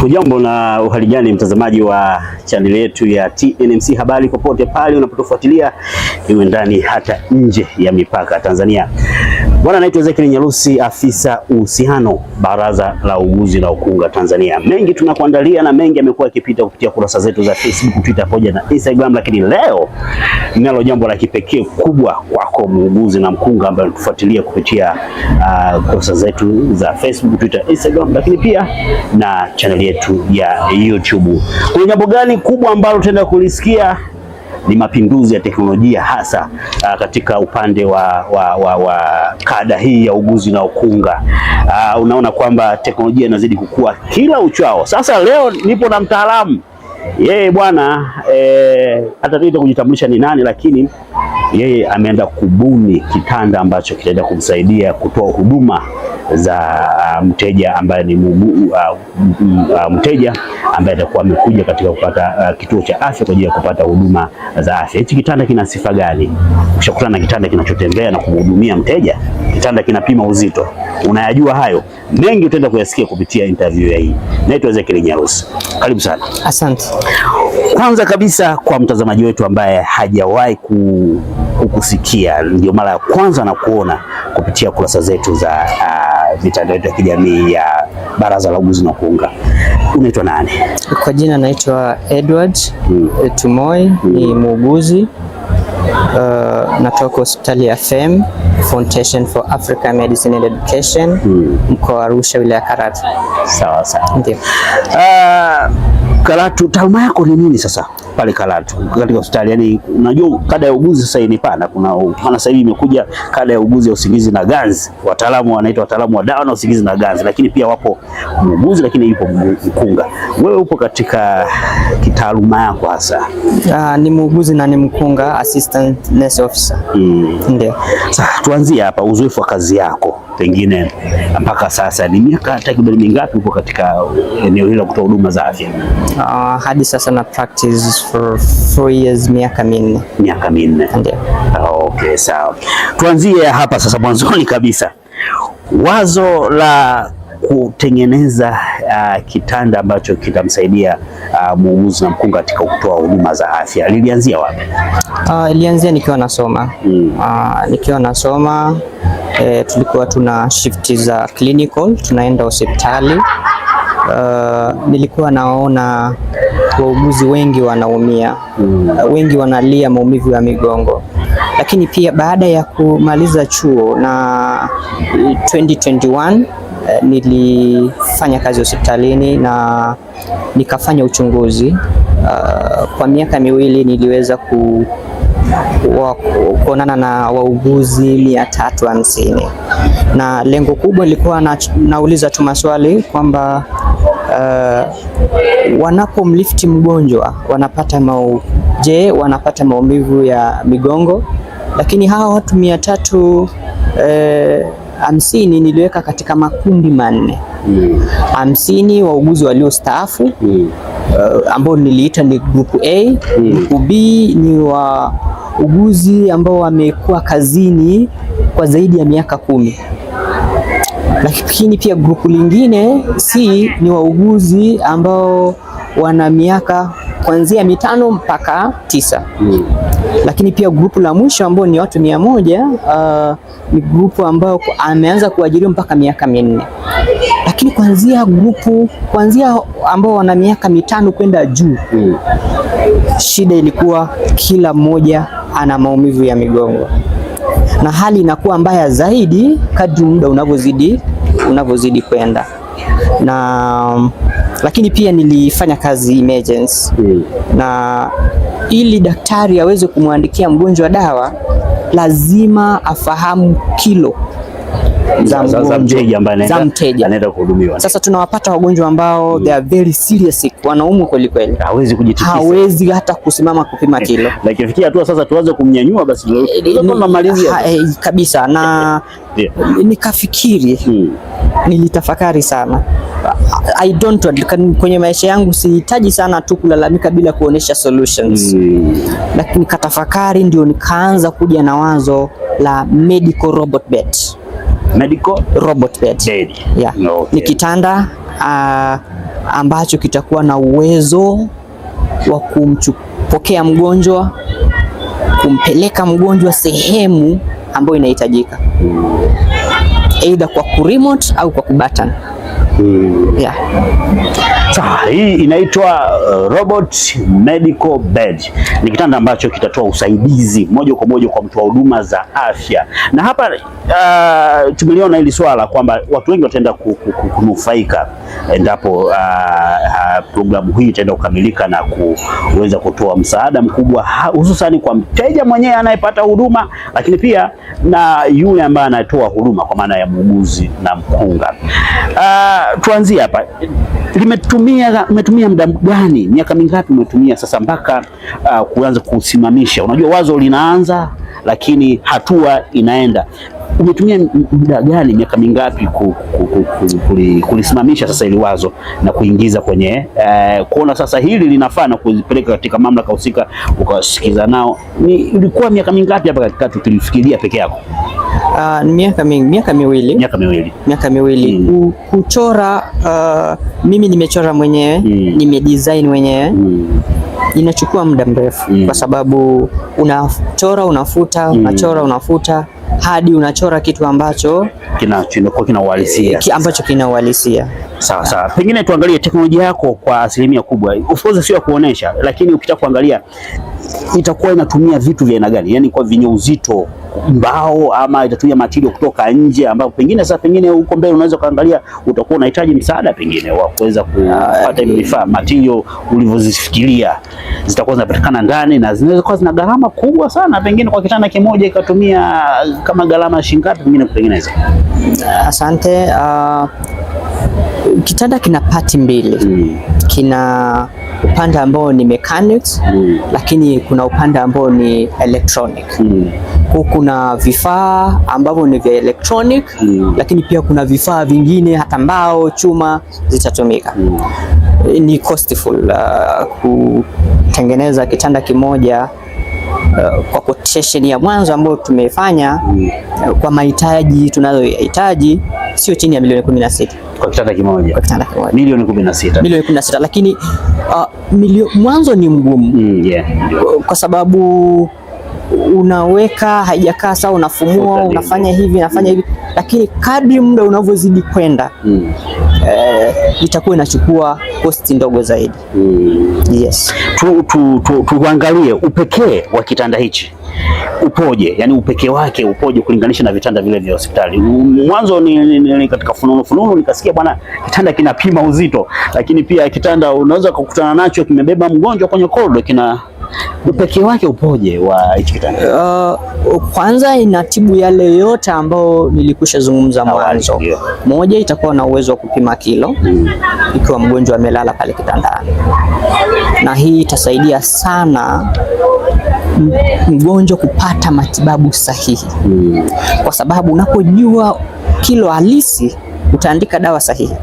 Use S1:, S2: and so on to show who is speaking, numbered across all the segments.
S1: Hujambo na uhalijani mtazamaji wa chaneli yetu ya TNMC Habari, popote pale unapotufuatilia, iwe ndani hata nje ya mipaka Tanzania. Bwana anaitwa Ezekiel nyerusi afisa uhusiano Baraza la Uuguzi na Ukunga Tanzania. Mengi tunakuandalia na mengi yamekuwa yakipita kupitia kurasa zetu za Facebook, Twitter pamoja na Instagram, lakini leo ninalo jambo la kipekee kubwa kwako muuguzi na mkunga ambaye unatufuatilia kupitia uh, kurasa zetu za Facebook, Twitter, Instagram, lakini pia na chaneli yetu ya YouTube. Kuna jambo gani kubwa ambalo tutaenda kulisikia ni mapinduzi ya teknolojia hasa uh, katika upande wa, wa, wa, wa kada hii ya uguzi na ukunga. Uh, unaona kwamba teknolojia inazidi kukua kila uchao. Sasa leo nipo na mtaalamu yeye bwana eh, hata e, kujitambulisha ni nani, lakini yeye ameenda kubuni kitanda ambacho kitaenda kumsaidia kutoa huduma za ah, mteja ambaye ni mugu, ah, m, uh, mteja ambaye atakuwa amekuja katika kupata uh, kituo cha afya kwa ajili ya kupata huduma za afya. Hichi kitanda kina sifa gani? Ushakutana na kitanda kinachotembea na kumhudumia mteja? Kitanda kinapima uzito, unayajua hayo? mengi utaenda kuyasikia kupitia interview ya hii. Naitwa Ezekiel Nyarusi, karibu sana. Asante. Kwanza kabisa kwa mtazamaji wetu ambaye hajawahi ku kukusikia ndio mara ya kwanza na kuona kupitia kurasa zetu za uh, mitandao yetu ya kijamii ya Baraza la Uguzi na Kuunga, unaitwa nani
S2: kwa jina? Naitwa Edward hmm. Tumoi hmm. ni muuguzi uh, natoka hospitali ya Fem Foundation for Africa Medicine and Education hmm. mkoa wa Arusha wilaya Karatu.
S1: Sawa sawa. Ndio. Ah, Karatu, taaluma yako ni nini sasa? pale Karatu katika hospitali. Yani unajua kada ya uguzi sasa ni pana, kuna pana sasa hivi imekuja kada ya uguzi ya usingizi na ganzi, wataalamu wanaitwa wataalamu wa dawa na usingizi na ganzi, lakini pia wapo muuguzi, lakini yupo mkunga. Wewe upo katika kitaaluma yako hasa?
S2: Ah, ni muuguzi na ni mkunga, assistant nurse officer. Mm. Ndio.
S1: Sasa tuanzie hapa, uzoefu wa kazi yako pengine mpaka sasa ni miaka takriban mingapi huko katika eneo hilo kutoa huduma za afya?
S2: Uh, hadi sasa na practice for four years, miaka minne.
S1: Miaka minne, ndio. Okay, sawa. Tuanzie hapa sasa mwanzoni kabisa, wazo la kutengeneza uh, kitanda ambacho kitamsaidia uh, muuguzi na mkunga katika kutoa huduma za afya lilianzia wapi?
S2: Uh, ilianzia nikiwa nasoma mm. uh, nikiwa nasoma e, tulikuwa tuna shift za clinical, tunaenda hospitali uh, nilikuwa naona wauguzi wengi wanaumia mm. wengi wanalia maumivu ya migongo, lakini pia baada ya kumaliza chuo na 2021 eh, nilifanya kazi hospitalini na nikafanya uchunguzi uh, kwa miaka miwili niliweza ku wa kuonana na wauguzi mia tatu hamsini na lengo kubwa lilikuwa na, nauliza tu maswali kwamba uh, wanapomlifti mgonjwa wanapata mau, je, wanapata maumivu ya migongo? Lakini hawa watu mia tatu eh, hamsini niliweka katika makundi manne hamsini mm. wauguzi waliostaafu mm. uh, ambao niliita ni grupu A mm. grupu B ni wa uguzi ambao wamekuwa kazini kwa zaidi ya miaka kumi. Lakini pia grupu lingine si ni wauguzi ambao wana miaka kuanzia mitano mpaka tisa. Hmm. Lakini pia grupu la mwisho ambao ni watu mia moja uh, ni grupu ambao ameanza kuajiriwa mpaka miaka minne, lakini kuanzia grupu kuanzia ambao wana miaka mitano kwenda juu mm. Shida ilikuwa kila mmoja ana maumivu ya migongo na hali inakuwa mbaya zaidi kadri muda unavyozidi unavyozidi kwenda na lakini pia nilifanya kazi emergency mm. na ili daktari aweze kumwandikia mgonjwa dawa lazima afahamu kilo za, mgonjwa, za mteja
S1: anaenda kuhudumiwa.
S2: Sasa tunawapata wagonjwa ambao mm. they are very serious sick, wanaumwa kweli kweli,
S1: hawezi kujitikisa,
S2: hawezi hata kusimama kupima kilo
S1: na ikifikia hatua sasa tuanze kumnyanyua basi eh, eh, tunamalizia
S2: eh, kabisa na yeah. nikafikiri mm nilitafakari sana. I don't want, kwenye maisha yangu sihitaji sana tu kulalamika bila kuonesha solutions mm. Lakini katafakari ndio nikaanza kuja na wazo la medical robot bed.
S1: Medical robot bed.
S2: Bed. Yeah. Okay. Ni kitanda uh, ambacho kitakuwa na uwezo wa kumpokea mgonjwa, kumpeleka mgonjwa sehemu ambayo inahitajika mm either kwa kuremote au kwa kubutton mm. yeah.
S1: Sawa, hii inaitwa uh, robot medical bed. Ni kitanda ambacho kitatoa usaidizi moja kwa moja kwa mtu wa huduma za afya, na hapa uh, tumeliona hili swala kwamba watu wengi wataenda kunufaika endapo uh, uh, programu hii itaenda kukamilika na kuweza kutoa msaada mkubwa hususani kwa mteja mwenyewe anayepata huduma, lakini pia na yule ambaye anatoa huduma kwa maana ya muuguzi na mkunga uh, tuanzie hapa, limetumia umetumia muda gani? Miaka mingapi umetumia sasa mpaka uh, kuanza kusimamisha? Unajua wazo linaanza, lakini hatua inaenda. Umetumia muda gani, miaka mingapi kulisimamisha sasa ili wazo na kuingiza kwenye uh, kuona sasa hili linafaa na kulipeleka katika mamlaka husika ukasikiza nao? Ni ilikuwa miaka mingapi hapa katikati ukilifikiria peke yako?
S2: uh, miaka mingi, miaka miwili, miaka miwili, miaka miwili mm. kuchora uh, mimi nimechora mwenyewe mm. nimedesign mwenyewe mm. inachukua muda mrefu mm. kwa sababu unachora unafuta mm. unachora unafuta hadi unachora kitu ambacho
S1: kinakuwa kina uhalisia
S2: ki, ambacho kina uhalisia
S1: sawa sawa. Pengine tuangalie teknolojia yako kwa asilimia kubwa, of course sio ya kuonesha, lakini ukitaka kuangalia itakuwa inatumia vitu vya aina gani, yani kwa vyenye uzito mbao ama itatumia matirio kutoka nje, ambapo pengine sasa pengine huko mbele unaweza ukaangalia utakuwa unahitaji msaada pengine wa kuweza kupata hivyo vifaa. Matirio ulivyozifikiria zitakuwa zinapatikana ndani na zinaweza kuwa zina gharama kubwa sana, pengine kwa kitanda kimoja ikatumia kama gharama shilingi ngapi pengine kutengeneza?
S2: Asante. Uh, kitanda kina pati mbili mm. Kina upande ambao ni mechanics mm. Lakini kuna upande ambao ni electronic mm kuna vifaa ambavyo ni vya electronic mm. Lakini pia kuna vifaa vingine hata mbao, chuma zitatumika mm. Ni costful uh, kutengeneza kitanda kimoja uh, kwa quotation ya mwanzo ambayo tumefanya mm. uh, kwa mahitaji tunayoyahitaji sio chini ya milioni 16
S1: kwa kitanda kimoja, kwa kitanda kimoja milioni 16,
S2: milioni 16, lakini uh, milio, mwanzo ni mgumu mm, yeah. Kwa sababu unaweka haijakaa sawa, unafumua unafanya hivi nafanya hivi, lakini kadri muda unavyozidi kwenda mm. itakuwa inachukua kosti ndogo zaidi mm. yes.
S1: Tuangalie tu, tu, tu upekee wa kitanda hichi upoje, yani upekee wake upoje kulinganisha na vitanda vile vya hospitali. Mwanzo ni, ni, ni katika fununu fununu nikasikia bwana, kitanda kinapima uzito, lakini pia kitanda unaweza kukutana nacho kimebeba mgonjwa kwenye korido kina upekee wake upoje wa hichi
S2: kitanda? Uh, kwanza inatibu yale yote ambayo nilikusha zungumza mwanzo. Moja, itakuwa na uwezo wa kupima kilo mm. ikiwa mgonjwa amelala pale kitandani, na hii itasaidia sana mgonjwa kupata matibabu sahihi mm. kwa sababu unapojua kilo halisi utaandika dawa sahihi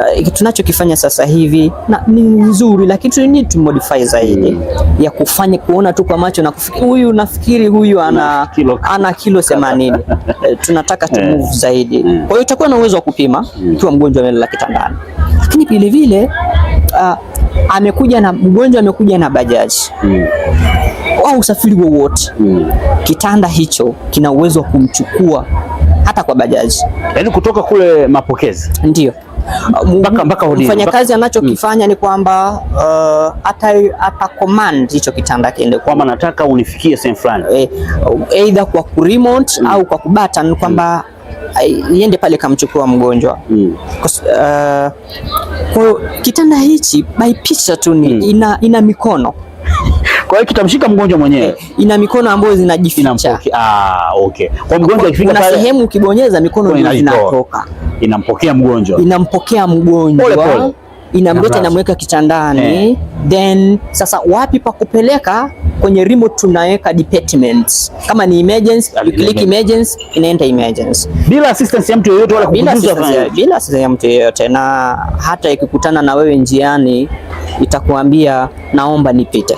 S2: uh, tunachokifanya sasa hivi na, ni nzuri lakini tu need to modify zaidi mm. ya kufanya kuona tu kwa macho na kufikiri huyu nafikiri huyu ana kilo, ana kilo 80 eh, tunataka tu hmm. move zaidi mm. kwa hiyo itakuwa na uwezo wa kupima hmm. ikiwa mm. mgonjwa amelala kitandani, lakini vile vile uh, amekuja na mgonjwa amekuja na bajaji mm au usafiri wowote mm. kitanda hicho kina uwezo wa kumchukua hata kwa bajaji,
S1: yaani kutoka kule mapokezi,
S2: ndio mpaka mpaka hodi. Mfanyakazi anachokifanya hmm. ni kwamba hata uh, ata command hicho kitanda kiende,
S1: kwamba nataka unifikie sehemu fulani,
S2: eh, either kwa ku remote hmm. au kwa kubatan, kwamba hmm. iende pale kamchukua mgonjwa mm. Uh, kwa kitanda hichi by picture tu ni mm. ina, ina mikono
S1: kwa hiyo kitamshika mgonjwa mwenyewe.
S2: Ina mikono ambayo zinajificha.
S1: Ah, okay.
S2: Kwa mgonjwa akifika pale, kuna sehemu ukibonyeza mikono inatoka.
S1: Inampokea mgonjwa.
S2: Inampokea mgonjwa. Inamleta inamweka kitandani yeah. Then sasa wapi pa kupeleka? Kwenye remote tunaweka department, kama ni emergency you yaani click emergency, inaenda emergency
S1: bila assistance ya mtu yeyote wala kukujuza,
S2: bila assistance ya mtu yeyote. Na hata ikikutana na wewe njiani itakuambia naomba nipite.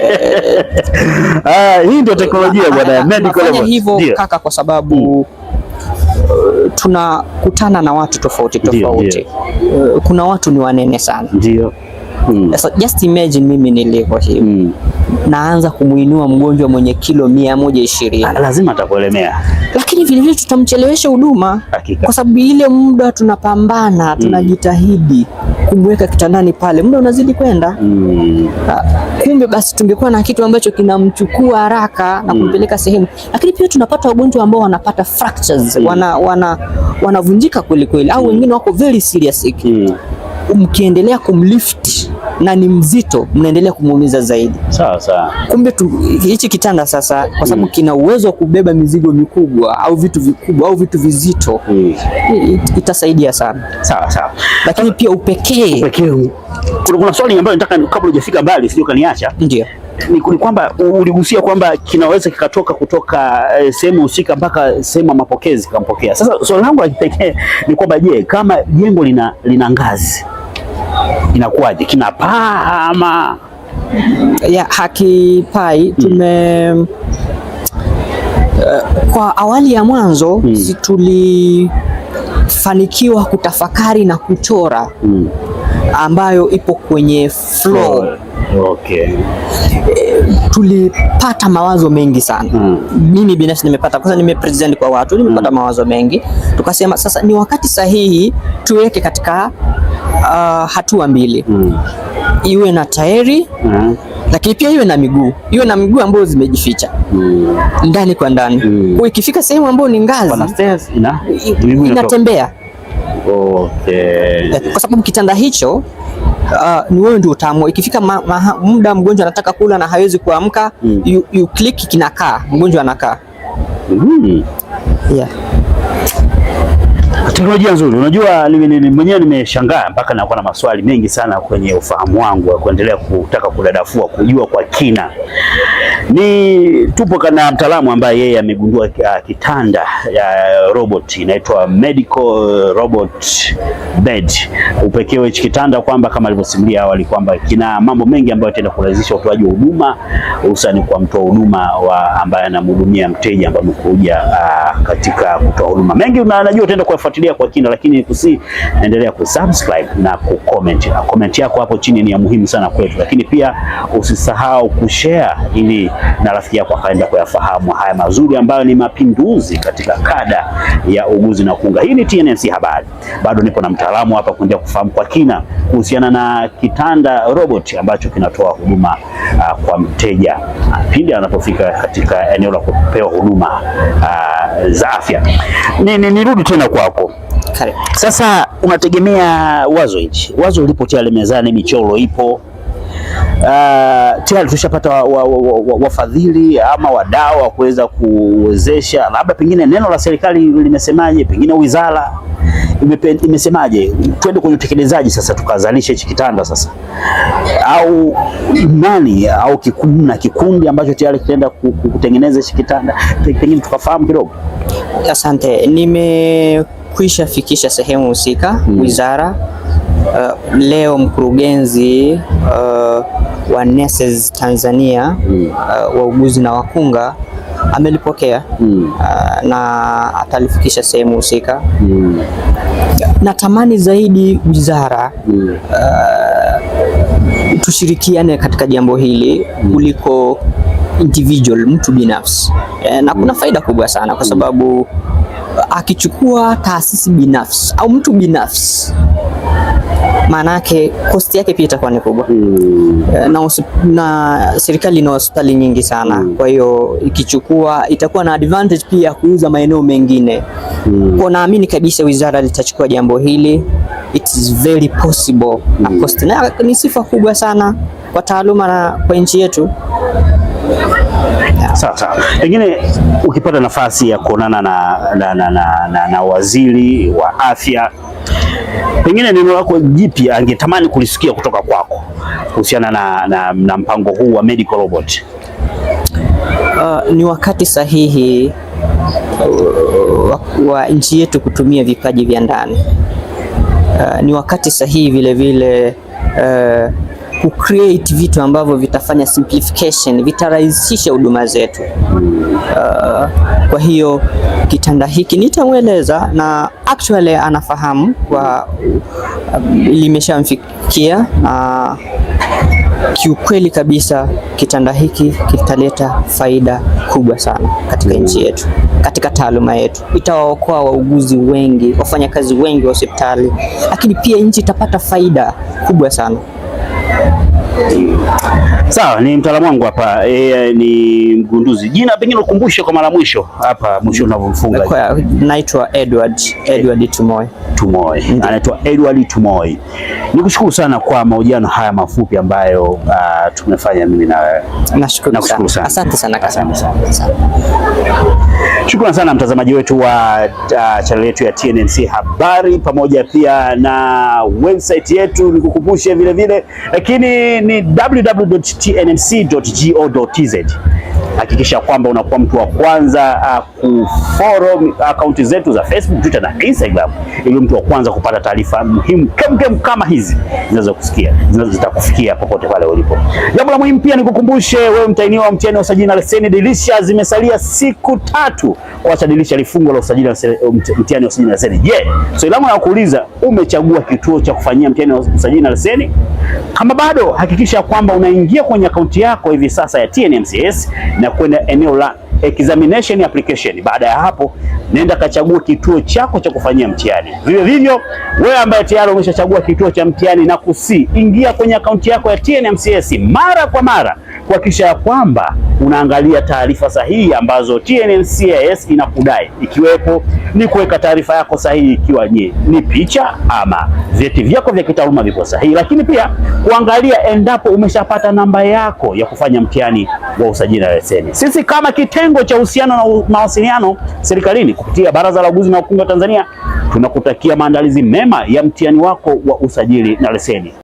S1: Ah, hii ndio teknolojia bwana,
S2: medical level. Hivyo kaka, kwa sababu mm. uh, tunakutana na watu tofauti tofauti. Uh, kuna watu ni wanene sana. Ndio. Mm. So just imagine mimi nilivyo hivi. Mm. Naanza kumuinua mgonjwa mwenye kilo mia moja ishirini. Ah,
S1: lazima atakuelemea.
S2: Lakini vile vile tutamchelewesha huduma kwa sababu ile muda tunapambana, tunajitahidi. Mm kumweka kitandani pale, muda unazidi kwenda mm. Ah, kumbe basi tungekuwa na kitu ambacho kinamchukua haraka na mm. kumpeleka sehemu, lakini pia tunapata wagonjwa ambao wanapata fractures, mm. wana wanavunjika wana kweli kweli, au mm. wengine wako very serious mm mkiendelea kumlift na ni mzito, mnaendelea kumuumiza zaidi.
S1: Sawa sawa.
S2: Kumbe hichi kitanda sasa, kwa sababu mm. kina uwezo wa kubeba mizigo mikubwa au vitu vikubwa au vitu vizito mm. it, itasaidia sana. Sawa sawa. Lakini pia upekee,
S1: upekee. Kuna, swali ambayo nataka kabla hujafika mbali, sio kaniacha. Ndio ni kwamba uligusia kwamba kinaweza kikatoka kutoka e, sehemu husika mpaka sehemu ya mapokezi kampokea. Sasa swali so langu la kipekee ni kwamba je, kama jengo lina, lina ngazi inakuwaje? Kina paa ama
S2: ya hakipai? Hmm. Tume hmm. uh, kwa awali ya mwanzo hmm. si tulifanikiwa kutafakari na kuchora hmm. ambayo ipo kwenye floor
S1: Okay.
S2: Tulipata mawazo mengi sana mm. Mimi binafsi nimepata kwanza, nimepresent kwa watu nimepata mm. mawazo mengi, tukasema sasa ni wakati sahihi tuweke katika uh, hatua mbili mm. iwe na tairi mm lakini pia iwe na miguu iwe na miguu ambayo zimejificha mm. ndani kwa ndani mm. kwa ikifika sehemu ambayo ni ngazi ina, inatembea okay. Kwa sababu kitanda hicho uh, ni wewe ndio utaamua. Ikifika muda mgonjwa anataka kula na hawezi kuamka, mm. you, you click kinakaa, mgonjwa anakaa. mm. yeah
S1: teknolojia nzuri. Unajua mwenyewe nimeshangaa mpaka nakuwa na maswali mengi sana kwenye ufahamu wangu wa kuendelea kutaka kudadafua kujua kwa kina. Ni tupo na mtaalamu ambaye yeye amegundua ah, kitanda ya robot inaitwa medical eh, robot bed. Upekee wa hichi kitanda kwamba kama alivyosimulia awali kwamba kina mambo mengi ambayo yataenda kurahisisha utoaji wa huduma hususani kwa mtoa huduma wa ambaye anamhudumia mteja ambaye amekuja ah, katika kutoa huduma mengi, na najua utaenda kufuatilia kufuatilia kwa kina, lakini kusi endelea kusubscribe na kucomment. Comment yako hapo chini ni ya muhimu sana kwetu, lakini pia usisahau kushare ili na rafiki yako akaenda kuyafahamu haya mazuri ambayo ni mapinduzi katika kada ya uguzi na ukunga. Hii ni TNNC Habari, bado nipo na mtaalamu hapa kuendelea kufahamu kwa kina kuhusiana na kitanda robot ambacho kinatoa huduma uh, kwa mteja pindi anapofika katika eneo la kupewa huduma uh, za afya. Nirudi ni tena kwako Sasa unategemea wazo hili, wazo lipo tayari mezani, michoro ipo uh, tayari tushapata wafadhili wa, wa, wa, wa ama wadau wa kuweza kuwezesha. Labda pengine neno la serikali limesemaje, pengine wizara imesemaje, twende kwenye utekelezaji sasa, tukazalisha hichi kitanda sasa, au nani au kikundi na kikundi ambacho tayari kitaenda kutengeneza hichi kitanda, pengine tukafahamu kidogo.
S2: Asante, nimekwisha fikisha sehemu husika, hmm. wizara uh, leo mkurugenzi uh, wa Nurses Tanzania mm. uh, wauguzi na wakunga amelipokea mm. uh, na atalifikisha sehemu husika mm. Natamani zaidi wizara mm. uh, tushirikiane katika jambo hili hmm. kuliko individual mtu binafsi e, na kuna hmm. faida kubwa sana kwa sababu uh, akichukua taasisi binafsi au mtu binafsi maana yake kosti yake pia itakuwa ni kubwa hmm. na, na serikali ina hospitali nyingi sana mm. kwa hiyo ikichukua itakuwa na advantage pia ya kuuza maeneo mengine mm. kwa naamini kabisa wizara litachukua jambo hili it is very possible mm. na kosti hmm. na ni sifa kubwa sana kwa taaluma na kwa nchi yetu.
S1: Sawa sawa, pengine ukipata nafasi ya kuonana na, na, na, na, na, na waziri wa afya pengine neno lako jipya angetamani kulisikia kutoka kwako kuhusiana na, na, na mpango huu wa medical robot.
S2: Uh, ni wakati sahihi wa, uh, wa nchi yetu kutumia vipaji vya ndani. Uh, ni wakati sahihi vile vile uh, ku create vitu ambavyo vitafanya simplification, vitarahisisha huduma zetu kwa hiyo kitanda hiki nitamweleza na actually anafahamu kwa uh, limeshamfikia na kiukweli kabisa kitanda hiki kitaleta faida kubwa sana katika nchi yetu, katika taaluma yetu. Itawaokoa wauguzi wengi, wafanyakazi wengi wa hospitali, lakini pia nchi itapata faida kubwa sana.
S1: Sawa, ni mtaalamu wangu hapa e, ni mgunduzi. Jina pengine ukumbushe kwa mara mwisho hapa mwisho unavyomfunga.
S2: Naitwa Edward Edward Tumoi.
S1: Tumoi. Anaitwa Edward Tumoi. Nikushukuru sana kwa mahojiano haya mafupi ambayo uh, tumefanya mimi na wewe.
S2: Nashukuru sana. sana. Asante sana. Asante
S1: sana. Asante. Shukrani sana mtazamaji wetu wa uh, channel yetu ya TNNC Habari pamoja pia na website yetu nikukumbushe vile vile lakini ni www.tnmc.go.tz hakikisha kwamba unakuwa mtu wa kwanza uh, kufollow akaunti zetu za Facebook, Twitter na Instagram, ili mtu wa kwanza kupata taarifa muhimu kem kem kama hizi kusikia zinazokusikia zitakufikia popote pale ulipo. Jambo la muhimu pia nikukumbushe wewe, mtainiwa wa mtihani wa usajili na leseni dirisha, zimesalia siku tatu kuacha dirisha lifungo la usajili na um, mtihani wa usajili na leseni. Je, swali so langu nakuuliza, umechagua kituo cha kufanyia mtihani wa usajili na leseni? Kama bado, hakikisha kwamba unaingia kwenye akaunti yako hivi sasa ya TNMCS na kwenda eneo la examination application. Baada ya hapo, nenda kachagua kituo chako cha kufanyia mtihani. Vivyo hivyo, wewe ambaye tayari umeshachagua kituo cha mtihani, na kusi ingia kwenye akaunti yako ya TNMCS mara kwa mara kuhakikisha ya kwamba unaangalia taarifa sahihi ambazo TNNCIS inakudai, ikiwepo ni kuweka taarifa yako sahihi, ikiwa je, ni picha ama vyeti vyako vya kitaaluma viko sahihi, lakini pia kuangalia endapo umeshapata namba yako ya kufanya mtihani wa usajili na leseni. Sisi kama kitengo cha uhusiano na mawasiliano serikalini kupitia Baraza la Uguzi na Ukunga Tanzania tunakutakia maandalizi mema ya mtihani wako wa usajili na leseni.